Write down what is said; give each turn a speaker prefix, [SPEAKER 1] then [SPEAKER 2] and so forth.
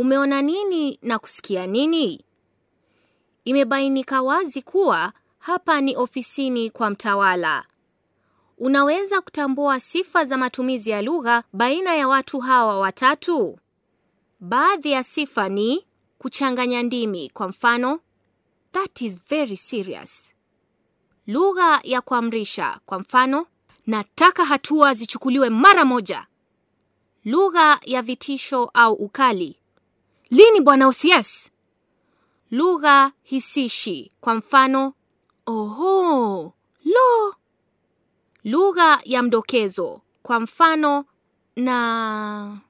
[SPEAKER 1] umeona nini na kusikia nini? Imebainika wazi kuwa hapa ni ofisini kwa mtawala. Unaweza kutambua sifa za matumizi ya lugha baina ya watu hawa watatu? Baadhi ya sifa ni kuchanganya ndimi, kwa mfano, that is very serious. Lugha ya kuamrisha, kwa mfano, nataka hatua zichukuliwe mara moja. Lugha ya vitisho au ukali, Lini bwana Usias? Lugha hisishi kwa mfano oho, lo. Lugha ya mdokezo kwa mfano na